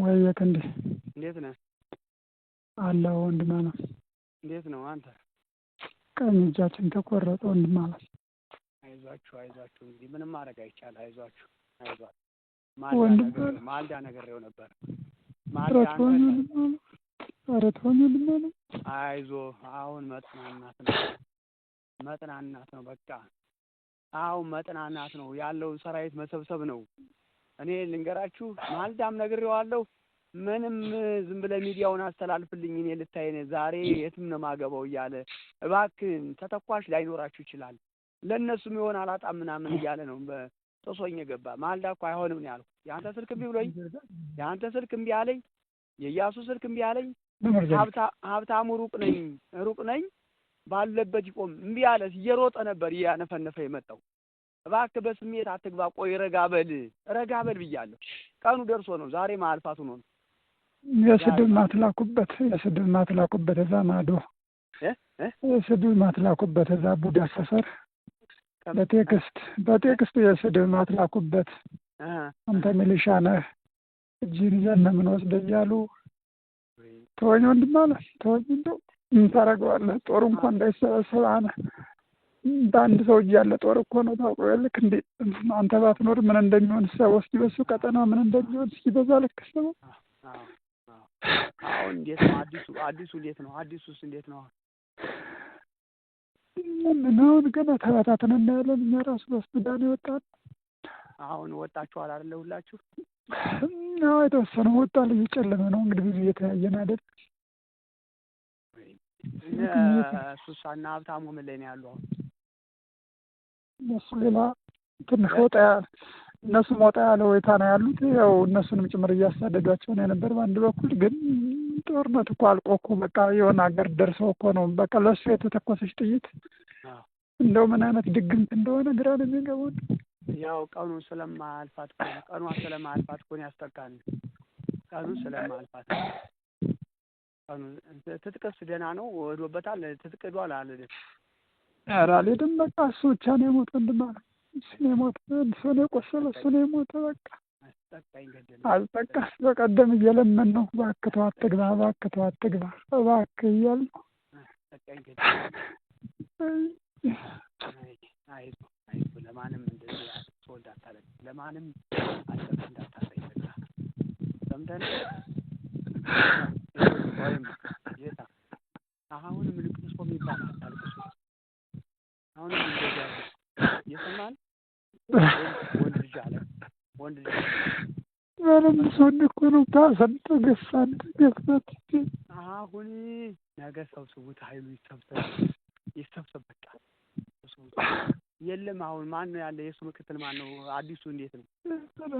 ወይ ክንዴ እንዴት ነህ? አለሁ ወንድማማች። እንዴት ነው አንተ? ቀኝ እጃችን ተቆረጠ ወንድማማች። አይዟችሁ አይዟችሁ፣ እንግዲህ ምንም ማድረግ አይቻል። አይዟችሁ አይዟችሁ። ማልዳ ነግሬው ነበር። አይዞ አሁን መጥናናት ነው መጥናናት ነው። በቃ አሁን መጥናናት ነው ያለውን ሰራዊት መሰብሰብ ነው። እኔ ልንገራችሁ ማልዳም ነግሬዋለሁ። ምንም ዝም ብለህ ሚዲያውን አስተላልፍልኝ እኔ ልታይን ዛሬ የትም ነው ማገባው እያለ እባክህን ተተኳሽ ላይኖራችሁ ይችላል ለእነሱም የሆነ አላጣም ምናምን እያለ ነው ጥሶኝ የገባ ማልዳ እኮ አይሆንም ነው ያልኩት። የአንተ ስልክ እምቢ ብሎኝ የአንተ ስልክ እምቢ አለኝ፣ የእያሱ ስልክ እምቢ አለኝ። ሀብታሙ ሩቅ ነኝ ሩቅ ነኝ ባለበት ይቆም እምቢ አለ። እየሮጠ ነበር እያነፈነፈ የመጣው እባክህ በስሜት አትግባ። ቆይ ረጋ በል ረጋ በል ብያለሁ። ቀኑ ደርሶ ነው ዛሬ ማልፋቱ ነው። የስድብ ማትላኩበት የስድብ ማትላኩበት እዛ ማዶ የስድብ ማትላኩበት እዛ ቡዳ ሰፈር በቴክስት በቴክስት የስድብ ማትላኩበት አንተ ሚሊሻ ነህ እጅን ይዘን ነው የምንወስድ እያሉ ተወኝ ወንድም አለ ተወኝ እንደው ምን ታደርገዋለህ? ጦሩ እንኳን እንዳይሰበሰብ አነ በአንድ ሰው እጅ ያለ ጦር እኮ ነው ታውቀው ልክ እንዴ አንተ ባትኖር ምን እንደሚሆን ሰው እስኪ በሱ ቀጠና ምን እንደሚሆን እስኪ በዛ ልክ ሰው አሁን እንዴት ነው አዲሱ አዲሱ እንዴት ነው አዲሱስ እንዴት ነው ምን አሁን ገና ተበታተን እናያለን እኛ ራሱ በሱዳን ይወጣል። አሁን ወጣችኋል አይደለ ሁላችሁ አዎ የተወሰነ ወጣል እየጨለመ ነው እንግዲህ ብዙ እየተያየን አይደል ሱሳና ሀብታሙ ምን ላይ ነው ያሉ አሁን እነሱ ሌላ ትንሽ ወጣ ያለ እነሱም ወጣ ያለ ሁኔታ ነው ያሉት። ያው እነሱንም ጭምር እያሳደዷቸው ነው የነበር በአንድ በኩል ግን ጦርነት እኮ አልቆ እኮ በቃ የሆነ ሀገር ደርሰው እኮ ነው በቃ ለእሱ የተተኮሰች ጥይት እንደው ምን አይነት ድግምት እንደሆነ ግራ ነው የሚገቡን። ያው ቀኑን ስለማያልፋት ቀኗ ስለማያልፋት እኮ ነው ያስጠቃን። ቀኑ ስለማያልፋት ቀኑ ትጥቅስ ደህና ነው ወዶበታል። ትጥቅ ዷል አለ ኧረ አልሄድም በቃ እሱ ብቻ ነው የሞተ እንድማ እሱ ነው የሞተ እሱ ነው የቆሰለ እሱ ነው የሞተ በቃ አልጠቃ በቀደም እየለመን ነው እባክህ ተው አትግባ፣ እባክህ ተው አትግባ፣ እባክህ ነው። ለማንም እንደዚህ ለማንም እንዳታሳይ ሰምተን አሁን የሰማን ወንድ ልጅ አለ። ወንድ ልጅ ሰውን እኮ ነው ታሰንጠ ገፍታት አሁን ነገ ሰብስቡት፣ ይሰብሰብ ይሰብሰብ፣ በቃ የለም አሁን ማን ነው ያለ? የእሱ ምክትል ማን ነው? አዲሱ እንዴት ነው?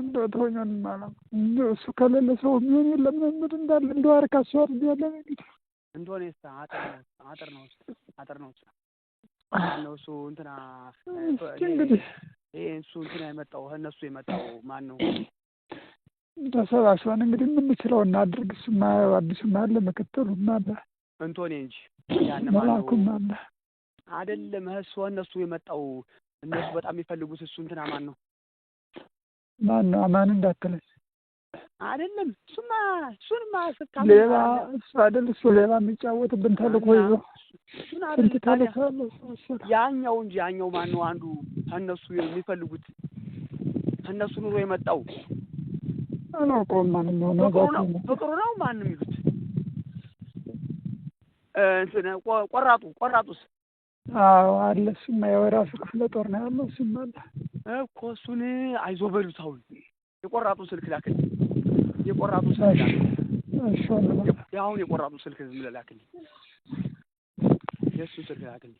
እንደው ተወኛን ማለት እሱ ከሌለ ሰው የሚሆን የለም መምድ እንዳለ አርካ ያለ አጥር ነው አጥር ነው አጥር ነው ማነው እሱ እንትና እንግዲህ ይሄ እሱ እንትና የመጣው እነሱ የመጣው ማን ነው? ተሰባስበን እንግዲህ የምንችለው እናድርግ። እሱማ አለ ምክትሉም አለ እንቶኔ እንጂ መላኩም አለ አይደለም። እሱ እነሱ የመጣው እነሱ በጣም የሚፈልጉት እሱ እንትና ማን ነው? ማን ነው? አማን እንዳትለኝ አይደለም። እሱማ እሱንማ ስታ ሌባ እሱ አይደል እሱ የሚጫወትብን ይዞ ምን አለ ያኛው እንጂ ያኛው ማን ነው አንዱ እነሱ የሚፈልጉት እነሱ ኑሮ የመጣው ፍቅሩ ነው ማንም ይሉት እንትን ቆራጡ ቆራጡስ? አዎ አለ። እሱማ ያው የራሱ ክፍለ ጦር ነው ያለው። እሱማ አለ እኮ እሱን አይዞህ በሉት። አሁን የቆራጡ ስልክ ላክልኝ። የቆራጡ ስልክ ላክልኝ። አሁን የቆራጡ ስልክ ዝም ብለህ ላክልኝ። registration survey ಆಗಲಿ